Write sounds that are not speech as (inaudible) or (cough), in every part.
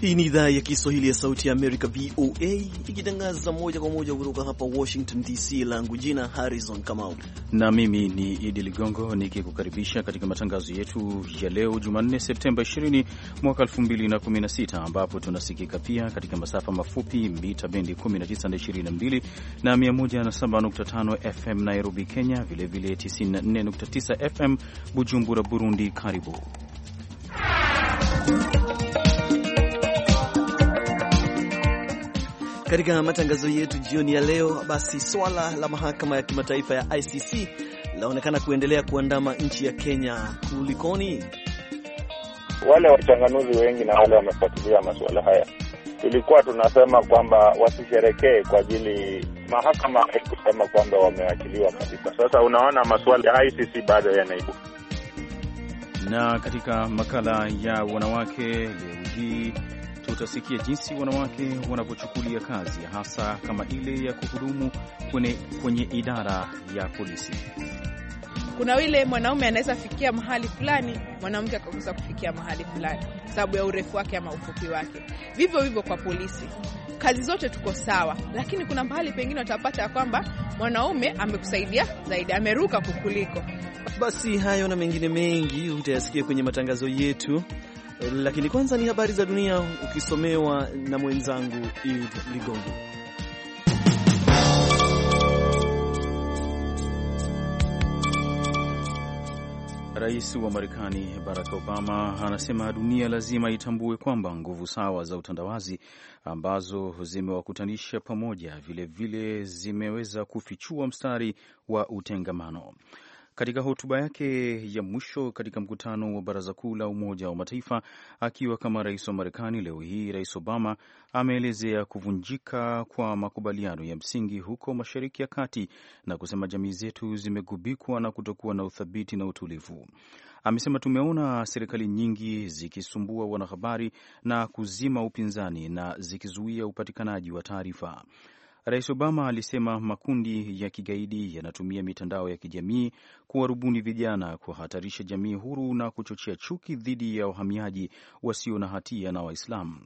Hii ni idhaa ya Kiswahili ya Sauti ya Amerika, VOA, ikitangaza moja kwa moja kutoka hapa Washington DC. Langu jina Harrison Kamau na mimi ni Idi Ligongo nikikukaribisha katika matangazo yetu ya leo Jumanne, Septemba 20 mwaka 2016, ambapo tunasikika pia katika masafa mafupi mita bendi 19 na 22 na 107.5 FM Nairobi, Kenya, vilevile 94.9 FM Bujumbura, Burundi. Karibu katika matangazo yetu jioni ya leo. Basi swala la mahakama ya kimataifa ya ICC laonekana kuendelea kuandama nchi ya Kenya. Kulikoni? Wale wachanganuzi wengi na wale wamefuatilia masuala haya tulikuwa tunasema kwamba wasisherekee kwa ajili mahakama haikusema kwamba wameachiliwa kabisa. Sasa unaona masuala ya ICC bado yanaibuka. Na katika makala ya wanawake leo hii utasikia jinsi wanawake wanavyochukulia kazi hasa kama ile ya kuhudumu kwenye, kwenye idara ya polisi. Kuna ile mwanaume anaweza fikia mahali fulani, mwanamke akakosa kufikia mahali fulani sababu ya urefu wake ama ufupi wake. Vivyo hivyo kwa polisi, kazi zote tuko sawa, lakini kuna mahali pengine utapata ya kwamba mwanaume amekusaidia zaidi, ameruka kukuliko. Basi hayo na mengine mengi utayasikia kwenye matangazo yetu lakini kwanza ni habari za dunia ukisomewa na mwenzangu Id Ligongo. Rais wa Marekani Barack Obama anasema dunia lazima itambue kwamba nguvu sawa za utandawazi ambazo zimewakutanisha pamoja vilevile vile zimeweza kufichua mstari wa utengamano katika hotuba yake ya mwisho katika mkutano wa Baraza Kuu la Umoja wa Mataifa akiwa kama rais wa Marekani leo hii, Rais Obama ameelezea kuvunjika kwa makubaliano ya msingi huko Mashariki ya Kati na kusema jamii zetu zimegubikwa na kutokuwa na uthabiti na utulivu. Amesema tumeona serikali nyingi zikisumbua wanahabari na kuzima upinzani na zikizuia upatikanaji wa taarifa. Rais Obama alisema makundi ya kigaidi yanatumia mitandao ya kijamii kuwarubuni vijana, kuhatarisha jamii huru na kuchochea chuki dhidi ya wahamiaji wasio na hatia na Waislamu.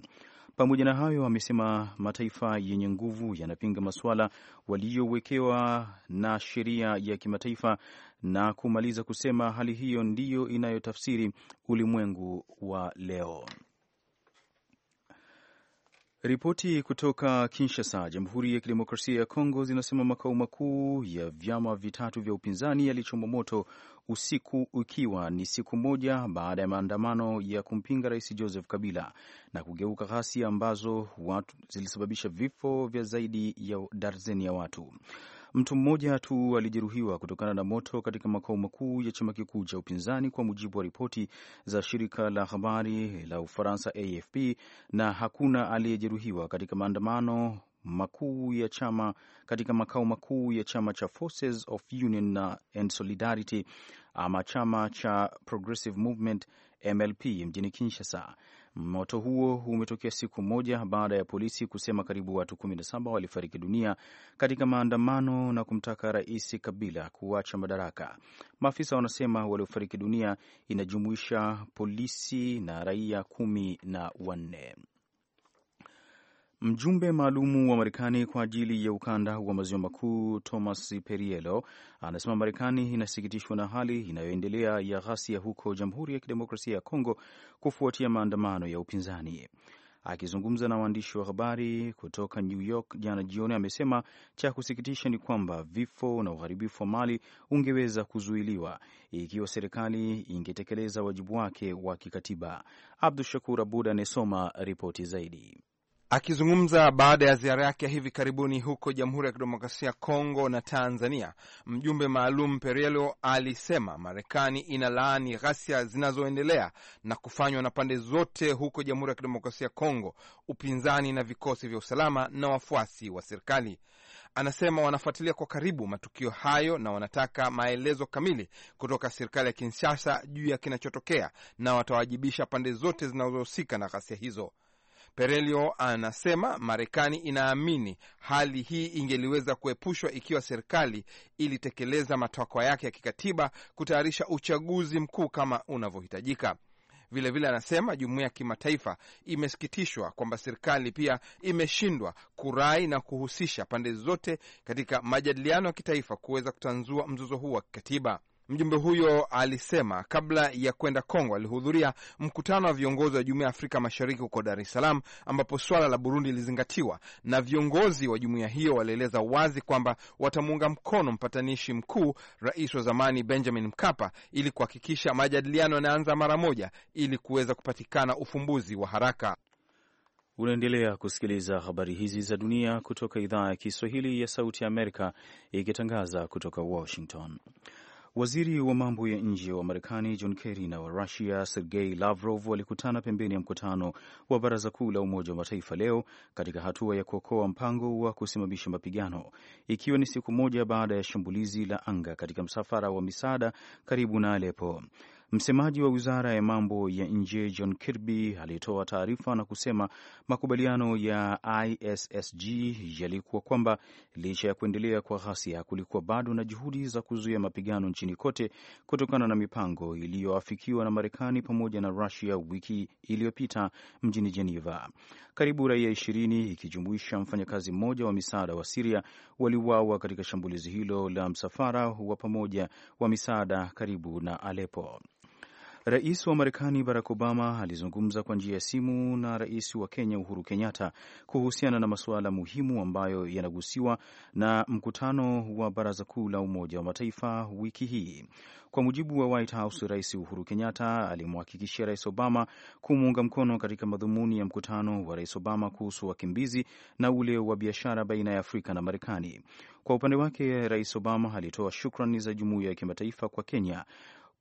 Pamoja na hayo, amesema mataifa yenye nguvu yanapinga masuala waliyowekewa na sheria ya kimataifa na kumaliza kusema hali hiyo ndiyo inayotafsiri ulimwengu wa leo. Ripoti kutoka Kinshasa, Jamhuri ya Kidemokrasia ya Kongo zinasema makao makuu ya vyama vitatu vya upinzani yalichomwa moto usiku, ikiwa ni siku moja baada ya maandamano ya kumpinga Rais Joseph Kabila na kugeuka ghasia ambazo watu zilisababisha vifo vya zaidi ya darzeni ya watu. Mtu mmoja tu alijeruhiwa kutokana na moto katika makao makuu ya chama kikuu cha upinzani, kwa mujibu wa ripoti za shirika la habari la Ufaransa AFP, na hakuna aliyejeruhiwa katika maandamano makuu ya chama katika makao makuu ya chama cha Forces of Union and Solidarity ama chama cha Progressive Movement MLP mjini Kinshasa. Moto huo umetokea siku moja baada ya polisi kusema karibu watu 17 walifariki dunia katika maandamano na kumtaka Rais Kabila kuacha madaraka. Maafisa wanasema waliofariki dunia inajumuisha polisi na raia kumi na wanne. Mjumbe maalumu wa Marekani kwa ajili ya ukanda wa maziwa makuu Thomas perielo anasema Marekani inasikitishwa na hali inayoendelea ya ghasia huko Jamhuri ya Kidemokrasia ya Kongo kufuatia maandamano ya upinzani. Akizungumza na waandishi wa habari kutoka New York jana jioni, amesema cha kusikitisha ni kwamba vifo na uharibifu wa mali ungeweza kuzuiliwa ikiwa serikali ingetekeleza wajibu wake wa kikatiba. Abdu Shakur Abud anayesoma ripoti zaidi. Akizungumza baada ya ziara yake ya hivi karibuni huko Jamhuri ya Kidemokrasia Kongo na Tanzania, mjumbe maalum Perello alisema Marekani inalaani ghasia zinazoendelea na kufanywa na pande zote huko Jamhuri ya Kidemokrasia Kongo, upinzani na vikosi vya usalama na wafuasi wa serikali. Anasema wanafuatilia kwa karibu matukio hayo na wanataka maelezo kamili kutoka serikali ya Kinshasa juu ya kinachotokea na watawajibisha pande zote zinazohusika na ghasia hizo. Perelio anasema Marekani inaamini hali hii ingeliweza kuepushwa ikiwa serikali ilitekeleza matakwa yake ya kikatiba kutayarisha uchaguzi mkuu kama unavyohitajika. Vilevile anasema jumuiya ya kimataifa imesikitishwa kwamba serikali pia imeshindwa kurai na kuhusisha pande zote katika majadiliano ya kitaifa kuweza kutanzua mzozo huu wa kikatiba. Mjumbe huyo alisema kabla ya kwenda Kongo alihudhuria mkutano wa viongozi wa Jumuiya ya Afrika Mashariki huko Dar es Salaam, ambapo swala la Burundi lilizingatiwa na viongozi wa jumuiya hiyo walieleza wazi kwamba watamuunga mkono mpatanishi mkuu, rais wa zamani Benjamin Mkapa, ili kuhakikisha majadiliano yanaanza mara moja ili kuweza kupatikana ufumbuzi wa haraka. Unaendelea kusikiliza habari hizi za dunia kutoka idhaa ya Kiswahili ya Sauti ya Amerika ikitangaza kutoka Washington. Waziri wa mambo ya nje wa Marekani John Kerry na wa Rusia Sergei Lavrov walikutana pembeni ya mkutano wa Baraza Kuu la Umoja wa Mataifa leo katika hatua ya kuokoa mpango wa kusimamisha mapigano, ikiwa ni siku moja baada ya shambulizi la anga katika msafara wa misaada karibu na Alepo. Msemaji wa wizara ya mambo ya nje John Kirby alitoa taarifa na kusema makubaliano ya ISSG yalikuwa kwamba licha ya kuendelea kwa ghasia, kulikuwa bado na juhudi za kuzuia mapigano nchini kote kutokana na mipango iliyoafikiwa na Marekani pamoja na Rusia wiki iliyopita mjini Geneva. Karibu raia ishirini ikijumuisha mfanyakazi mmoja wa misaada wa Siria waliuawa katika shambulizi hilo la msafara wa pamoja wa misaada karibu na Alepo. Rais wa Marekani Barack Obama alizungumza kwa njia ya simu na rais wa Kenya Uhuru Kenyatta kuhusiana na masuala muhimu ambayo yanagusiwa na mkutano wa Baraza Kuu la Umoja wa Mataifa wiki hii. Kwa mujibu wa White House, Rais Uhuru Kenyatta alimhakikishia Rais Obama kumuunga mkono katika madhumuni ya mkutano wa Rais Obama kuhusu wakimbizi na ule wa biashara baina ya Afrika na Marekani. Kwa upande wake, Rais Obama alitoa shukrani za jumuiya ya kimataifa kwa Kenya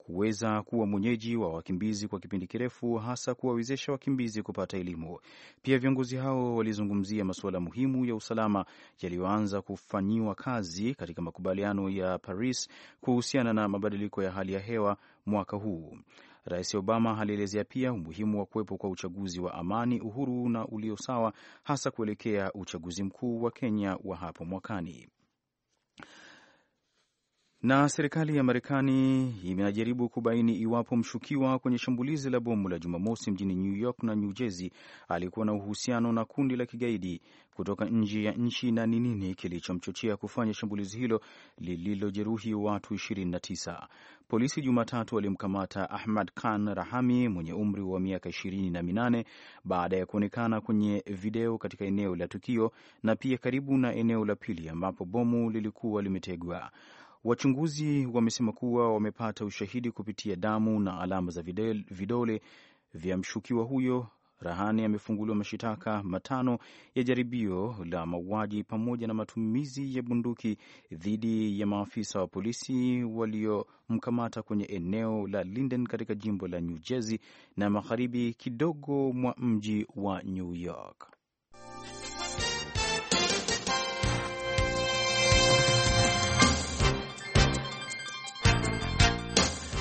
kuweza kuwa mwenyeji wa wakimbizi kwa kipindi kirefu, hasa kuwawezesha wakimbizi kupata elimu. Pia viongozi hao walizungumzia masuala muhimu ya usalama yaliyoanza kufanyiwa kazi katika makubaliano ya Paris kuhusiana na mabadiliko ya hali ya hewa mwaka huu. Rais Obama alielezea pia umuhimu wa kuwepo kwa uchaguzi wa amani, uhuru na ulio sawa, hasa kuelekea uchaguzi mkuu wa Kenya wa hapo mwakani. Na serikali ya Marekani inajaribu kubaini iwapo mshukiwa kwenye shambulizi la bomu la Jumamosi mjini New York na New Jersey alikuwa na uhusiano na kundi la kigaidi kutoka nje ya nchi na ni nini kilichomchochea kufanya shambulizi hilo lililojeruhi watu 29. Polisi Jumatatu walimkamata Ahmad Khan Rahami mwenye umri wa miaka ishirini na minane baada ya kuonekana kwenye video katika eneo la tukio na pia karibu na eneo la pili ambapo bomu lilikuwa limetegwa. Wachunguzi wamesema kuwa wamepata ushahidi kupitia damu na alama za vidole vya mshukiwa huyo. rahani amefunguliwa mashitaka matano ya jaribio la mauaji pamoja na matumizi ya bunduki dhidi ya maafisa wa polisi waliomkamata kwenye eneo la Linden katika jimbo la New Jersey na magharibi kidogo mwa mji wa New York.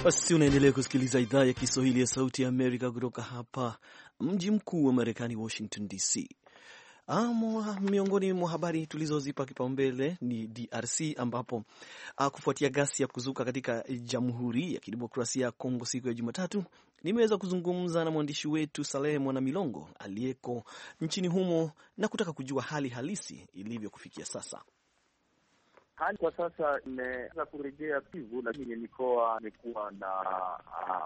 Basi unaendelea kusikiliza idhaa ya Kiswahili ya Sauti ya Amerika kutoka hapa mji mkuu wa Marekani, Washington DC. Amo, ah, miongoni mwa habari tulizozipa kipaumbele ni DRC ambapo ah, kufuatia gasi ya kuzuka katika Jamhuri ya Kidemokrasia ya Kongo siku ya Jumatatu, nimeweza kuzungumza na mwandishi wetu Salehe Mwana Milongo aliyeko nchini humo na kutaka kujua hali halisi ilivyo kufikia sasa. Hali kwa sasa imeweza kurejea Kivu, lakini ni mikoa imekuwa na ah,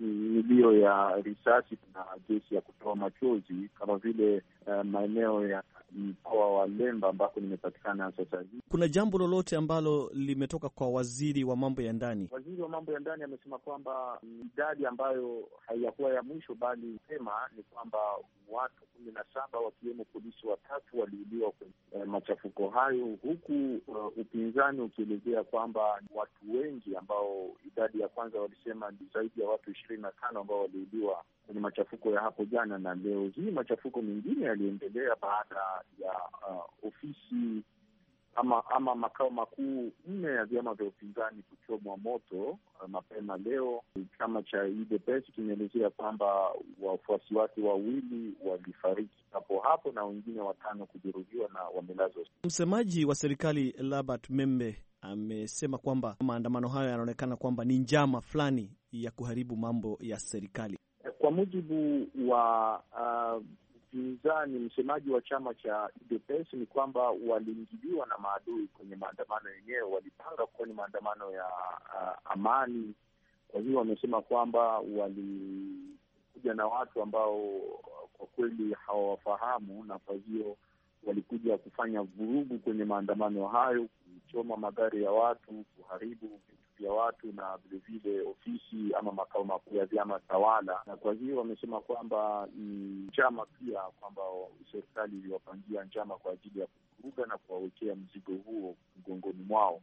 milio um, ya risasi na gesi ya kutoa machozi kama vile uh, maeneo ya mkoa wa Lemba ambako nimepatikana sasa hivi. Kuna jambo lolote ambalo limetoka kwa waziri wa mambo ya ndani? Waziri wa mambo ya ndani amesema kwamba idadi ambayo haiyakuwa ya mwisho, bali sema ni kwamba watu kumi na saba wakiwemo polisi watatu waliuliwa kwenye eh, machafuko hayo, huku uh, upinzani ukielezea kwamba watu wengi ambao idadi ya kwanza walisema ni zaidi ya watu ishirini na tano ambao waliuliwa kwenye machafuko ya hapo jana na leo hii. Machafuko mengine yaliendelea baada ya uh, ofisi ama ama makao makuu nne ya vyama vya upinzani kuchomwa moto uh, mapema leo. Chama cha UDPS kimeelezea kwamba wafuasi wake wawili walifariki hapo hapo na wengine watano kujeruhiwa na wamelazwa. Msemaji wa serikali Labert Membe amesema kwamba maandamano hayo yanaonekana kwamba ni njama fulani ya kuharibu mambo ya serikali. Eh, kwa mujibu wa uh, mpinzani uh, msemaji wa chama cha UDPS ni kwamba waliingiliwa na maadui kwenye maandamano yenyewe. Walipanga kuwa ni maandamano ya uh, amani, kwa hiyo wamesema kwamba walikuja na watu ambao kwa kweli hawawafahamu, na kwa hiyo walikuja kufanya vurugu kwenye maandamano hayo, kuchoma magari ya watu, kuharibu vitu ya watu na vilevile ofisi ama makao makuu ya vyama tawala, na kwa hiyo wamesema kwamba ni njama pia, kwamba serikali iliwapangia njama kwa ajili ya kuvuruga na kuwawekea mzigo huo mgongoni mwao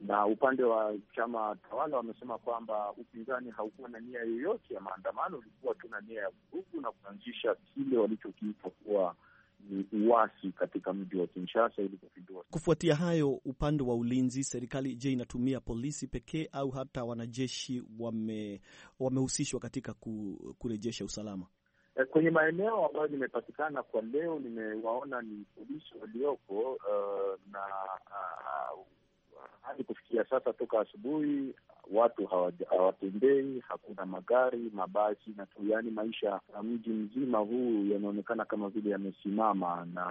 na upande wa chama tawala wamesema kwamba upinzani haukuwa na nia yoyote ya maandamano, ulikuwa tu na nia ya vurugu na kuanzisha kile walichokiita kuwa uasi katika mji wa Kinshasa ili kupindua. Kufuatia hayo, upande wa ulinzi, serikali je, inatumia polisi pekee au hata wanajeshi wame wamehusishwa katika kurejesha usalama? Eh, kwenye maeneo ambayo nimepatikana kwa leo, nimewaona ni polisi walioko uh, na uh, hadi kufikia sasa, toka asubuhi watu hawatembei, hakuna magari, mabasi na tu, yaani maisha ya mji mzima huu yanaonekana kama vile yamesimama na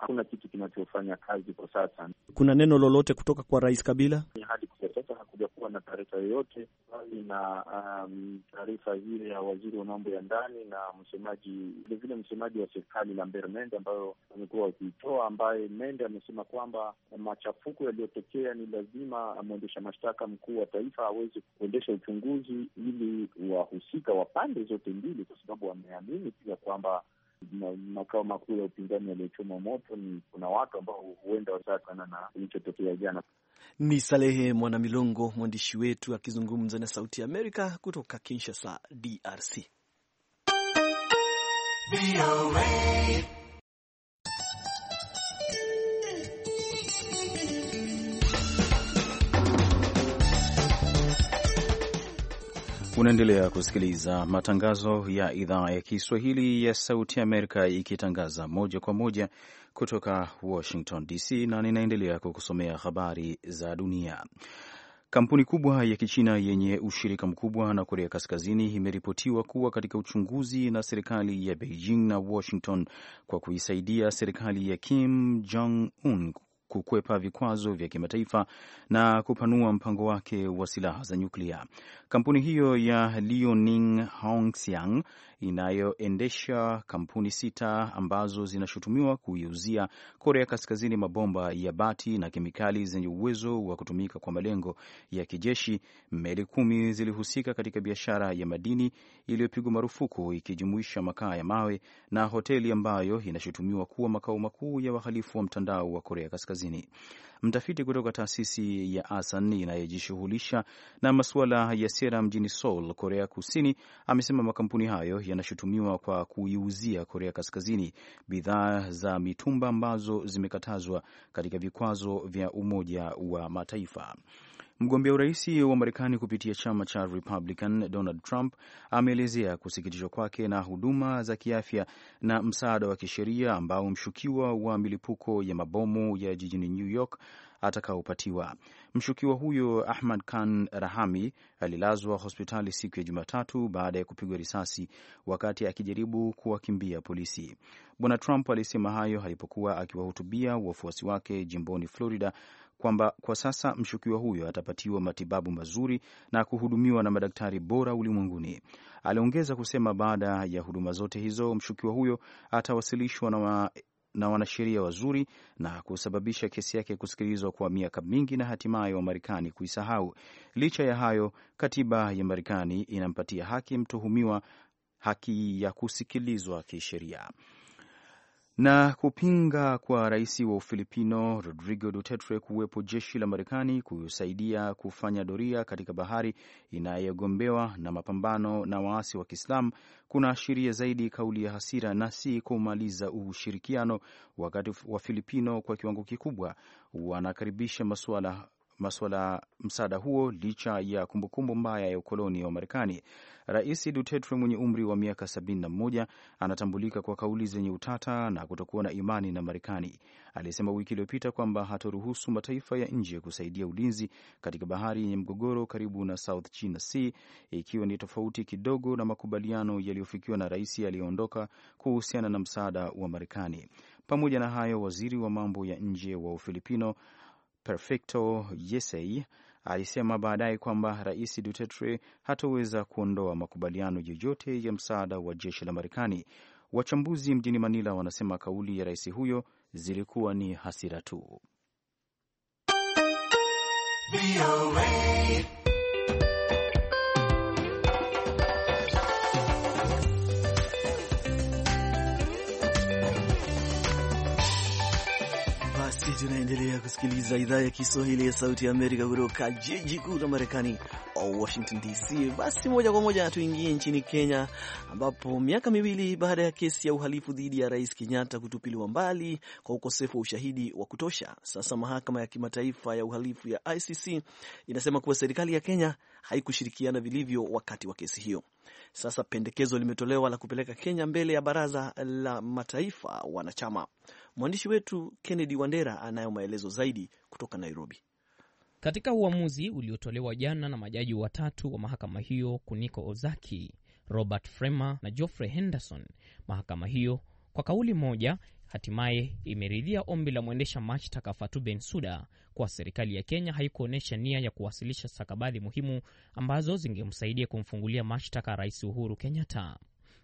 hakuna kitu kinachofanya kazi kwa sasa. Kuna neno lolote kutoka kwa Rais Kabila hadi kufikia sasa hakuja hakukuwa na taarifa yoyote bali na um, taarifa hiyo ya waziri wa mambo ya ndani na msemaji vilevile, msemaji wa serikali Lambert Mende ambayo wamekuwa wakiitoa, ambaye Mende amesema kwamba machafuko yaliyotokea ni lazima mwendesha mashtaka mkuu wa taifa aweze kuendesha uchunguzi ili wahusika wa pande zote mbili, kwa sababu wameamini pia kwamba makao makuu ya upinzani yaliyochoma moto ni kuna watu ambao huenda wasatana na kilichotokea jana. Ni Salehe Mwanamilongo, mwandishi wetu akizungumza na Sauti ya Amerika kutoka Kinshasa, DRC. Unaendelea kusikiliza matangazo ya idhaa ya Kiswahili ya Sauti Amerika ikitangaza moja kwa moja kutoka Washington DC, na ninaendelea kukusomea habari za dunia. Kampuni kubwa ya Kichina yenye ushirika mkubwa na Korea Kaskazini imeripotiwa kuwa katika uchunguzi na serikali ya Beijing na Washington kwa kuisaidia serikali ya Kim Jong Un kukwepa vikwazo vya kimataifa na kupanua mpango wake wa silaha za nyuklia. Kampuni hiyo ya Liaoning Hongxiang inayoendesha kampuni sita ambazo zinashutumiwa kuiuzia Korea Kaskazini mabomba ya bati na kemikali zenye uwezo wa kutumika kwa malengo ya kijeshi. Meli kumi zilihusika katika biashara ya madini iliyopigwa marufuku ikijumuisha makaa ya mawe na hoteli ambayo inashutumiwa kuwa makao makuu ya wahalifu wa mtandao wa Korea Kaskazini mtafiti kutoka taasisi ya Asan inayejishughulisha na masuala ya sera mjini Seoul, Korea Kusini, amesema makampuni hayo yanashutumiwa kwa kuiuzia Korea Kaskazini bidhaa za mitumba ambazo zimekatazwa katika vikwazo vya Umoja wa Mataifa. Mgombea urais wa Marekani kupitia chama cha Republican Donald Trump ameelezea kusikitishwa kwake na huduma za kiafya na msaada wa kisheria ambao mshukiwa wa milipuko ya mabomu ya jijini New York atakaopatiwa. Mshukiwa huyo Ahmad Khan Rahami alilazwa hospitali siku ya Jumatatu baada ya kupigwa risasi wakati akijaribu kuwakimbia polisi. Bwana Trump alisema hayo alipokuwa akiwahutubia wafuasi wake jimboni Florida kwamba kwa sasa mshukiwa huyo atapatiwa matibabu mazuri na kuhudumiwa na madaktari bora ulimwenguni. Aliongeza kusema baada ya huduma zote hizo mshukiwa huyo atawasilishwa na wa na wanasheria wazuri na kusababisha kesi yake kusikilizwa kwa miaka mingi na hatimaye wa Marekani kuisahau. Licha ya hayo, katiba ya Marekani inampatia haki mtuhumiwa haki ya kusikilizwa kisheria na kupinga kwa rais wa Ufilipino Rodrigo Duterte kuwepo jeshi la Marekani kusaidia kufanya doria katika bahari inayogombewa na mapambano na waasi wa Kiislam kunaashiria zaidi kauli ya hasira na si kumaliza ushirikiano, wakati Wafilipino kwa kiwango kikubwa wanakaribisha masuala maswala msaada huo licha ya kumbukumbu mbaya ya ukoloni wa Marekani. Rais Duterte mwenye umri wa miaka 71 anatambulika kwa kauli zenye utata na kutokuwa na imani na Marekani. Alisema wiki iliyopita kwamba hatoruhusu mataifa ya nje kusaidia ulinzi katika bahari yenye mgogoro karibu na South China Sea, ikiwa ni tofauti kidogo na makubaliano yaliyofikiwa na rais aliyeondoka kuhusiana na msaada wa Marekani. Pamoja na hayo, waziri wa mambo ya nje wa Ufilipino Perfecto Yesey alisema baadaye kwamba Rais Duterte hataweza kuondoa makubaliano yoyote ya msaada wa jeshi la Marekani. Wachambuzi mjini Manila wanasema kauli ya rais huyo zilikuwa ni hasira tu. Tunaendelea kusikiliza idhaa ya Kiswahili ya Sauti ya Amerika kutoka jiji kuu la Marekani, Washington DC. Basi moja kwa moja tuingie nchini Kenya, ambapo miaka miwili baada ya kesi ya uhalifu dhidi ya Rais Kenyatta kutupiliwa mbali kwa ukosefu wa ushahidi wa kutosha, sasa mahakama ya kimataifa ya uhalifu ya ICC inasema kuwa serikali ya Kenya haikushirikiana vilivyo wakati wa kesi hiyo. Sasa pendekezo limetolewa la kupeleka Kenya mbele ya baraza la mataifa wanachama. Mwandishi wetu Kennedy Wandera anayo maelezo zaidi kutoka Nairobi. Katika uamuzi uliotolewa jana na majaji watatu wa mahakama hiyo, Kuniko Ozaki, Robert Frema na Geoffrey Henderson, mahakama hiyo kwa kauli moja hatimaye imeridhia ombi la mwendesha mashtaka Fatu Bensuda kuwa serikali ya Kenya haikuonyesha nia ya kuwasilisha stakabadhi muhimu ambazo zingemsaidia kumfungulia mashtaka Rais Uhuru Kenyatta.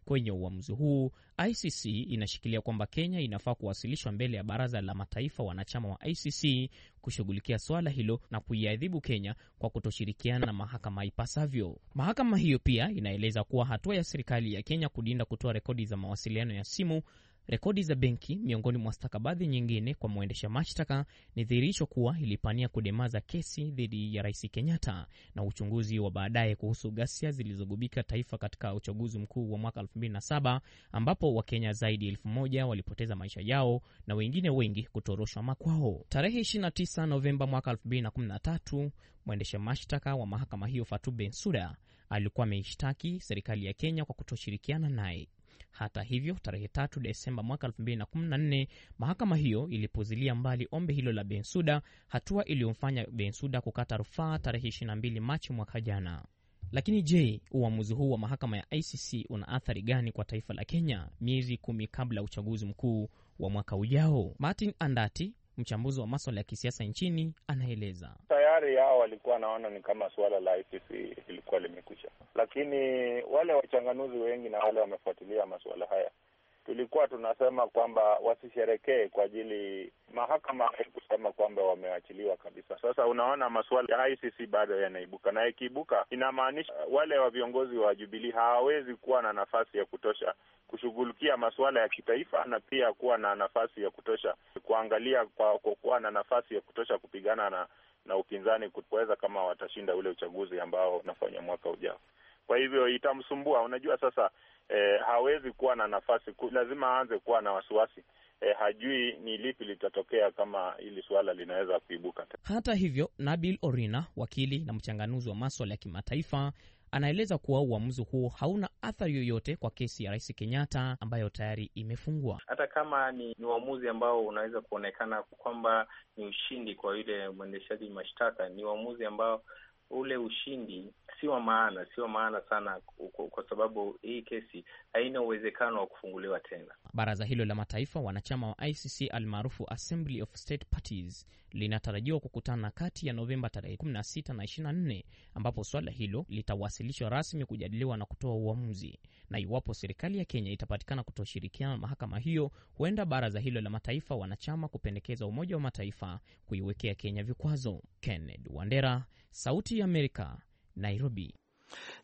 Kwenye uamuzi huu ICC inashikilia kwamba Kenya inafaa kuwasilishwa mbele ya baraza la mataifa wanachama wa ICC kushughulikia swala hilo na kuiadhibu Kenya kwa kutoshirikiana na mahakama ipasavyo. Mahakama hiyo pia inaeleza kuwa hatua ya serikali ya Kenya kudinda kutoa rekodi za mawasiliano ya simu Rekodi za benki, miongoni mwa stakabadhi nyingine kwa mwendesha mashtaka, ni dhihirisho kuwa ilipania kudemaza kesi dhidi ya Rais Kenyatta na uchunguzi wa baadaye kuhusu ghasia zilizogubika taifa katika uchaguzi mkuu wa mwaka 2007 ambapo Wakenya zaidi ya elfu moja walipoteza maisha yao na wengine wengi kutoroshwa makwao. Tarehe 29 Novemba mwaka 2013, mwendesha mashtaka wa mahakama hiyo Fatu Bensouda alikuwa ameishtaki serikali ya Kenya kwa kutoshirikiana naye. Hata hivyo, tarehe tatu Desemba mwaka 2014 mahakama hiyo ilipuzilia mbali ombi hilo la Bensuda, hatua iliyomfanya Bensuda kukata rufaa tarehe 22 Machi mwaka jana. Lakini je, uamuzi huu wa mahakama ya ICC una athari gani kwa taifa la Kenya miezi kumi kabla ya uchaguzi mkuu wa mwaka ujao? Martin Andati, mchambuzi wa maswala ya kisiasa nchini, anaeleza tayari hao walikuwa wanaona ni kama suala la ICC lilikuwa limekwisha, lakini wale wachanganuzi wengi na wale wamefuatilia masuala haya tulikuwa tunasema kwamba wasisherekee kwa ajili mahakama haikusema kwamba wameachiliwa kabisa. Sasa unaona masuala ya ICC bado yanaibuka, na ikiibuka inamaanisha wale wa viongozi wa Jubilii hawawezi kuwa na nafasi ya kutosha kushughulikia masuala ya kitaifa na pia kuwa na nafasi ya kutosha kuangalia kwa, kwa kuwa na nafasi ya kutosha kupigana na na upinzani kuweza kama watashinda ule uchaguzi ambao unafanya mwaka ujao. Kwa hivyo itamsumbua, unajua sasa eh, hawezi kuwa na nafasi ku, lazima aanze kuwa na wasiwasi eh, hajui ni lipi litatokea kama hili suala linaweza kuibuka. Hata hivyo, Nabil Orina, wakili na mchanganuzi wa maswala ya kimataifa anaeleza kuwa uamuzi huo hauna athari yoyote kwa kesi ya Rais Kenyatta ambayo tayari imefungwa. Hata kama ni, ni uamuzi ambao unaweza kuonekana kwamba ni ushindi kwa yule mwendeshaji mashtaka, ni uamuzi ambao ule ushindi sio maana, sio maana sana, kwa sababu hii kesi haina uwezekano wa kufunguliwa tena. Baraza hilo la mataifa wanachama wa ICC almaarufu Assembly of State Parties linatarajiwa kukutana kati ya Novemba tarehe 16 na 24, ambapo swala hilo litawasilishwa rasmi kujadiliwa na kutoa uamuzi. Na iwapo serikali ya Kenya itapatikana kutoshirikiana na mahakama hiyo, huenda baraza hilo la mataifa wanachama kupendekeza Umoja wa Mataifa kuiwekea Kenya vikwazo. Kenneth Wandera, Sauti ya Amerika, Nairobi.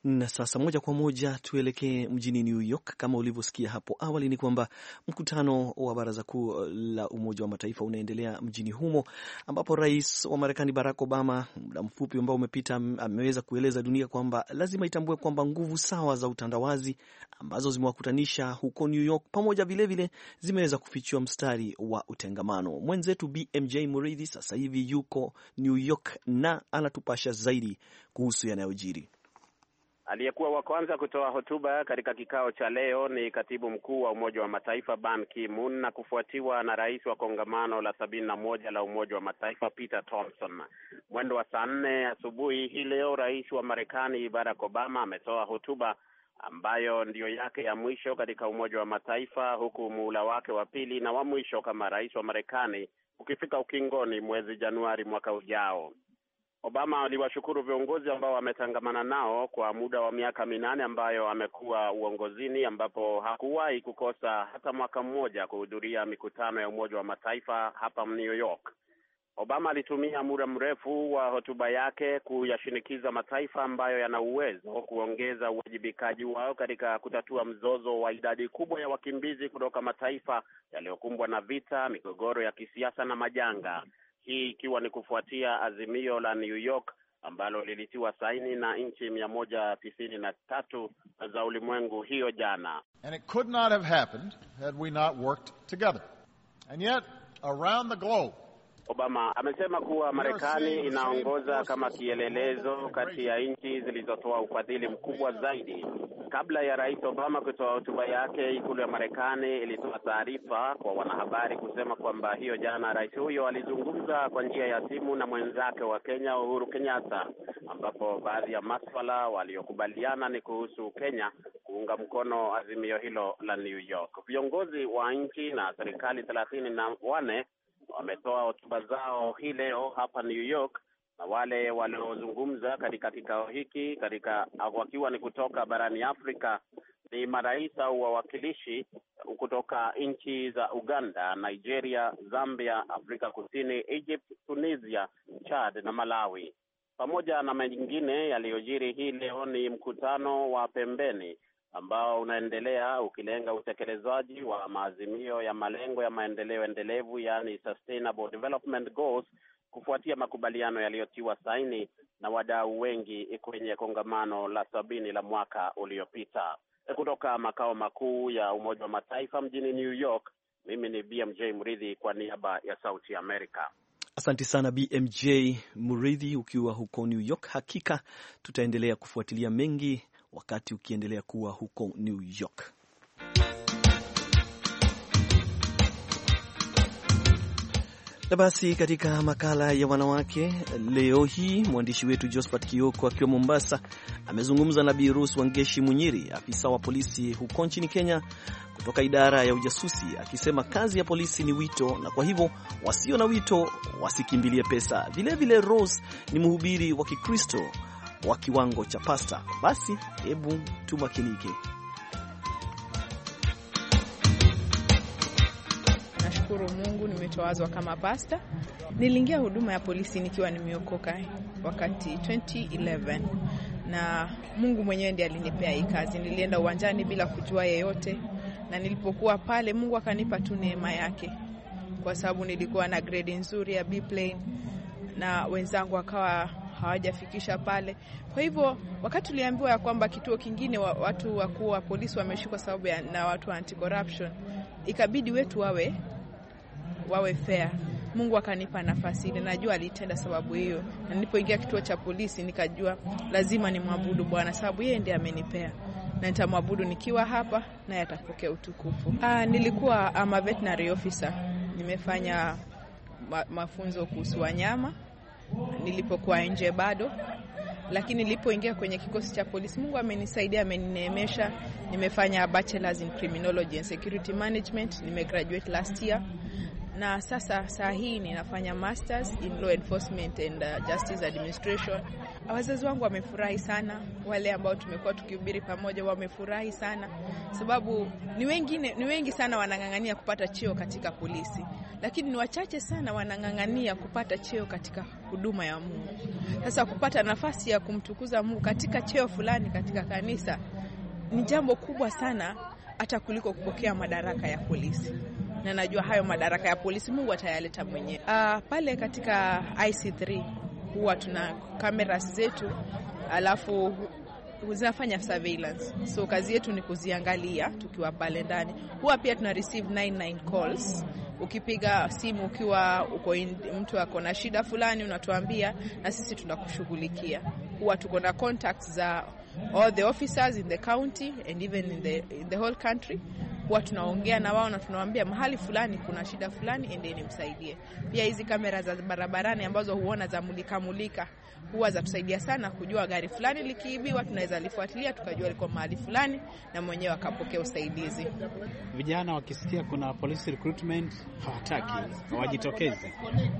Na sasa moja kwa moja tuelekee mjini New York. Kama ulivyosikia hapo awali, ni kwamba mkutano wa Baraza Kuu uh, la Umoja wa Mataifa unaendelea mjini humo, ambapo rais wa Marekani Barack Obama muda mfupi ambao umepita ameweza kueleza dunia kwamba lazima itambue kwamba nguvu sawa za utandawazi ambazo zimewakutanisha huko New York pamoja vilevile zimeweza kufichua mstari wa utengamano. Mwenzetu BMJ Muridhi sasa hivi yuko New York na anatupasha zaidi kuhusu yanayojiri. Aliyekuwa wa kwanza kutoa hotuba katika kikao cha leo ni katibu mkuu wa Umoja wa Mataifa Ban Ki-moon na kufuatiwa na rais wa kongamano la sabini na moja la Umoja wa Mataifa Peter Thompson. Mwendo wa saa nne asubuhi hii leo, rais wa Marekani Barack Obama ametoa hotuba ambayo ndiyo yake ya mwisho katika Umoja wa Mataifa, huku muhula wake wa pili na wa mwisho kama rais wa Marekani ukifika ukingoni mwezi Januari mwaka ujao. Obama aliwashukuru viongozi ambao ametangamana nao kwa muda wa miaka minane ambayo amekuwa uongozini, ambapo hakuwahi kukosa hata mwaka mmoja kuhudhuria mikutano ya Umoja wa Mataifa hapa New York. Obama alitumia muda mrefu wa hotuba yake kuyashinikiza mataifa ambayo yana uwezo kuongeza uwajibikaji wao katika kutatua mzozo wa idadi kubwa ya wakimbizi kutoka mataifa yaliyokumbwa na vita, migogoro ya kisiasa na majanga hii ikiwa ni kufuatia azimio la New York ambalo lilitiwa saini na nchi mia moja tisini na tatu za ulimwengu hiyo jana. And it could not have happened had we not worked together. And yet around the globe Obama amesema kuwa Marekani inaongoza kama kielelezo kati ya nchi zilizotoa ufadhili mkubwa zaidi. Kabla ya Rais Obama kutoa hotuba yake, ikulu ya Marekani ilitoa taarifa kwa wanahabari kusema kwamba hiyo jana rais huyo alizungumza kwa njia ya simu na mwenzake wa Kenya Uhuru Kenyatta, ambapo baadhi ya maswala waliokubaliana ni kuhusu Kenya kuunga mkono azimio hilo la New York. Viongozi wa nchi na serikali thelathini na wane wametoa hotuba zao hii leo hapa New York, na wale waliozungumza katika kikao hiki katika wakiwa ni kutoka barani Afrika ni marais au wawakilishi kutoka nchi za Uganda, Nigeria, Zambia, Afrika Kusini, Egypt, Tunisia, Chad na Malawi. Pamoja na mengine yaliyojiri hii leo ni mkutano wa pembeni ambao unaendelea ukilenga utekelezaji wa maazimio ya malengo ya maendeleo endelevu, yani Sustainable Development Goals, kufuatia makubaliano yaliyotiwa saini na wadau wengi kwenye kongamano la sabini la mwaka uliopita. Kutoka makao makuu ya Umoja wa Mataifa mjini New York, mimi ni BMJ Mridhi kwa niaba ya Sauti Amerika. Asante sana BMJ Muridhi, ukiwa huko New York. Hakika tutaendelea kufuatilia mengi wakati ukiendelea kuwa huko New York. Na basi katika makala ya wanawake leo hii, mwandishi wetu Josphat Kioko akiwa Mombasa amezungumza na Birus Wangeshi Munyiri, afisa wa polisi huko nchini Kenya kutoka idara ya ujasusi, akisema kazi ya polisi ni wito, na kwa hivyo wasio na wito wasikimbilie pesa. Vilevile, Rose ni mhubiri wa Kikristo wa kiwango cha pasta. Basi hebu tumakinike. Nashukuru Mungu nimetowazwa kama pasta. Niliingia huduma ya polisi nikiwa nimeokoka wakati 2011 na Mungu mwenyewe ndiye alinipea hii kazi. Nilienda uwanjani bila kujua yeyote, na nilipokuwa pale Mungu akanipa tu neema yake, kwa sababu nilikuwa na grade nzuri ya B-plane na wenzangu wakawa hawajafikisha pale. Kwa hivyo wakati tuliambiwa ya kwamba kituo kingine watu wakuu wa polisi wameshikwa sababu ya na watu wa anti corruption, ikabidi wetu wawe wawe fair. Mungu akanipa nafasi ile, najua alitenda sababu hiyo, na nilipoingia kituo cha polisi nikajua lazima nimwabudu Bwana sababu yeye ndiye amenipea na nitamwabudu nikiwa hapa, naye atapokea utukufu. Aa, ah, nilikuwa ama veterinary officer, nimefanya ma mafunzo kuhusu wanyama nilipokuwa nje bado, lakini nilipoingia kwenye kikosi cha polisi, Mungu amenisaidia, amenineemesha. Nimefanya bachelors in criminology and security management, nimegraduate last year na sasa saa hii ninafanya masters in law enforcement and uh, justice administration. Wazazi wangu wamefurahi sana, wale ambao tumekuwa tukihubiri pamoja wamefurahi sana, sababu ni wengine, ni wengi sana wanang'ang'ania kupata cheo katika polisi, lakini ni wachache sana wanang'ang'ania kupata cheo katika huduma ya Mungu. Sasa kupata nafasi ya kumtukuza Mungu katika cheo fulani katika kanisa ni jambo kubwa sana, hata kuliko kupokea madaraka ya polisi na najua hayo madaraka ya polisi Mungu atayaleta mwenyewe. Uh, pale katika IC3 huwa tuna kamera zetu alafu zinafanya surveillance, so kazi yetu ni kuziangalia tukiwa pale ndani. Huwa pia tuna receive 99 calls. Ukipiga simu ukiwa uko mtu ako na shida fulani, unatuambia na sisi tunakushughulikia. Huwa tuko na contacts za all the officers in the county and even in the, in the whole country huwa tunaongea na wao na tunawaambia mahali fulani kuna shida fulani, endeni msaidie. Pia hizi kamera za barabarani ambazo huona za mulika mulika huwa zatusaidia sana kujua gari fulani likiibiwa, tunaweza lifuatilia tukajua liko mahali fulani na mwenyewe akapokea usaidizi. Vijana wakisikia kuna police recruitment hawataki, hawajitokezi.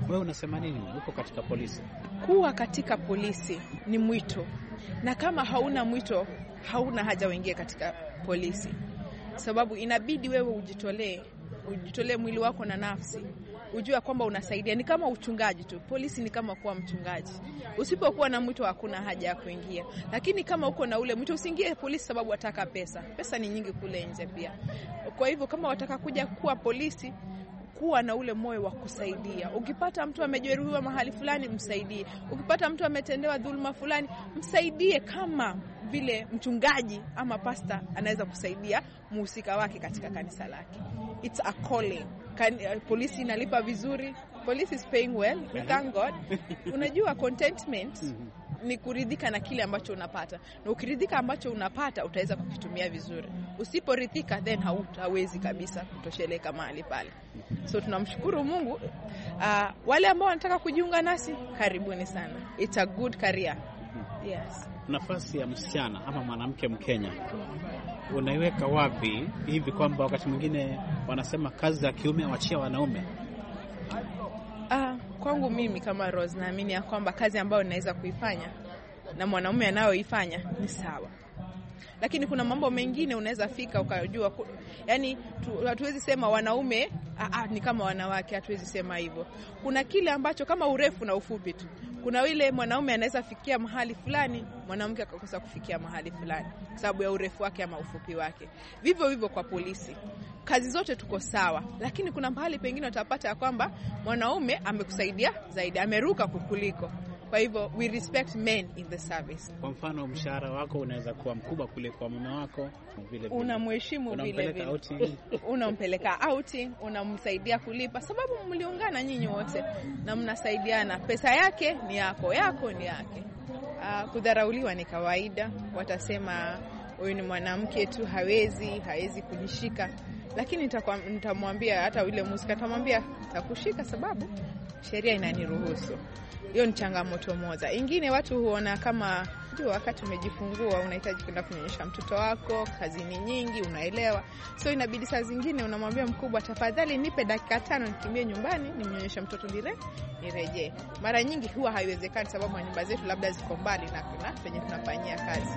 Wewe unasema nini? Uko katika polisi. Kuwa katika polisi ni mwito, na kama hauna mwito hauna haja uingie katika polisi sababu inabidi wewe ujitolee, ujitolee mwili wako na nafsi, ujue kwamba unasaidia. Ni kama uchungaji tu, polisi ni kama kuwa mchungaji. Usipokuwa na mwito, hakuna haja ya kuingia, lakini kama uko na ule mwito, usiingie polisi sababu wataka pesa. Pesa ni nyingi kule nje pia. Kwa hivyo kama wataka kuja kuwa polisi kuwa na ule moyo wa kusaidia. Ukipata mtu amejeruhiwa mahali fulani, msaidie. Ukipata mtu ametendewa dhuluma fulani, msaidie kama vile mchungaji ama pasta anaweza kusaidia muhusika wake katika kanisa lake. It's a calling. Kan, uh, polisi inalipa vizuri. Police is paying well. We thank God. Unajua contentment mm-hmm ni kuridhika na kile ambacho unapata, na ukiridhika ambacho unapata utaweza kukitumia vizuri. Usiporidhika then hautawezi kabisa kutosheleka mahali pale. So tunamshukuru Mungu. Uh, wale ambao wanataka kujiunga nasi karibuni sana, it's a good career. Yes. Nafasi ya msichana ama mwanamke Mkenya unaiweka wapi hivi kwamba wakati mwingine wanasema kazi za kiume wachia wanaume Kwangu mimi kama Rose, naamini ya kwamba kazi ambayo naweza kuifanya na mwanaume anayoifanya ni sawa, lakini kuna mambo mengine unaweza fika ukajua, yani hatuwezi sema wanaume a, ah, a, ah, ni kama wanawake, hatuwezi sema hivyo. Kuna kile ambacho kama urefu na ufupi tu, kuna wile mwanaume anaweza fikia mahali fulani, mwanamke akakosa kufikia mahali fulani kwa sababu ya urefu wake ama ufupi wake. Vivyo hivyo kwa polisi, kazi zote tuko sawa, lakini kuna mahali pengine utapata ya kwamba mwanaume amekusaidia zaidi, ameruka kukuliko kwa hivyo we respect men in the service. Kwa mfano mshahara wako unaweza kuwa mkubwa kule kwa mume wako, unamheshimu vile vile, (laughs) unampeleka outing, unamsaidia kulipa, sababu mliungana nyinyi wote na mnasaidiana. Pesa yake ni yako, yako ni yake. Uh, kudharauliwa ni kawaida, watasema huyu ni mwanamke tu, hawezi hawezi kunishika, lakini nitamwambia hata yule musika atamwambia takushika, sababu sheria inaniruhusu. Hiyo ni changamoto moja. Ingine watu huona kama ndio wakati umejifungua unahitaji kwenda kunyonyesha mtoto wako, kazi ni nyingi, unaelewa. So inabidi saa zingine unamwambia mkubwa, tafadhali nipe dakika tano nikimbie nyumbani nimnyonyeshe mtoto nire nirejee. Mara nyingi huwa haiwezekani, sababu nyumba zetu labda ziko mbali na kuna penye tunafanyia kazi.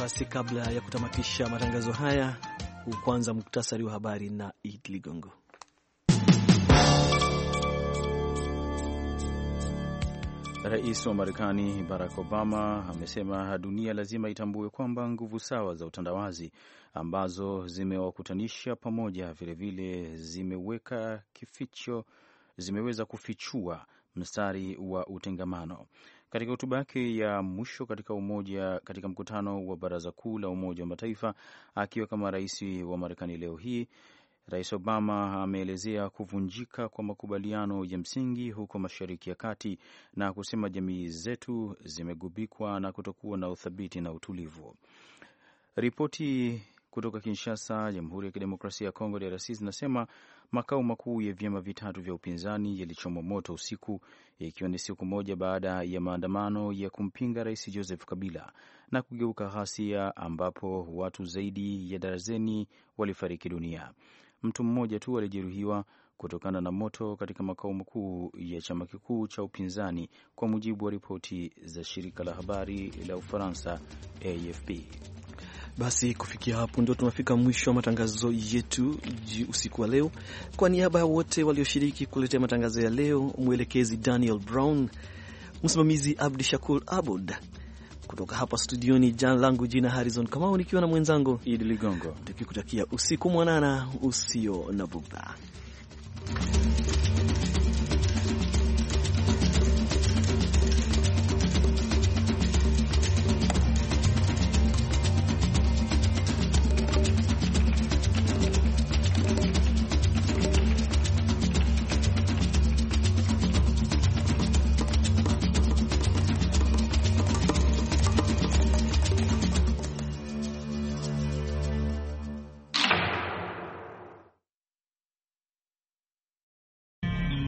Basi kabla ya kutamatisha matangazo haya, kwanza muktasari wa habari na Id Ligongo. Rais wa Marekani Barack Obama amesema dunia lazima itambue kwamba nguvu sawa za utandawazi ambazo zimewakutanisha pamoja vilevile zimeweka kificho, zimeweza kufichua mstari wa utengamano. Katika hotuba yake ya mwisho katika umoja katika mkutano wa baraza kuu la Umoja wa Mataifa akiwa kama rais wa Marekani leo hii, Rais Obama ameelezea kuvunjika kwa makubaliano ya msingi huko Mashariki ya Kati na kusema jamii zetu zimegubikwa na kutokuwa na uthabiti na utulivu. Ripoti kutoka Kinshasa, Jamhuri ya Kidemokrasia ya Kongo, DRC, zinasema Makao makuu ya vyama vitatu vya upinzani yalichomwa moto usiku, ikiwa ni siku moja baada ya maandamano ya kumpinga Rais Joseph Kabila na kugeuka ghasia, ambapo watu zaidi ya darazeni walifariki dunia. Mtu mmoja tu alijeruhiwa kutokana na moto katika makao makuu ya chama kikuu cha upinzani, kwa mujibu wa ripoti za shirika la habari la Ufaransa AFP. Basi kufikia hapo ndio tunafika mwisho wa matangazo yetu usiku wa leo. Kwa niaba ya wote walioshiriki kuletea matangazo ya leo, mwelekezi Daniel Brown, msimamizi Abdi Shakur Abud, kutoka hapa studioni, jina langu jina Harrison Kamau, nikiwa na mwenzangu Idi Ligongo, tukikutakia usiku mwanana usio na bughudha.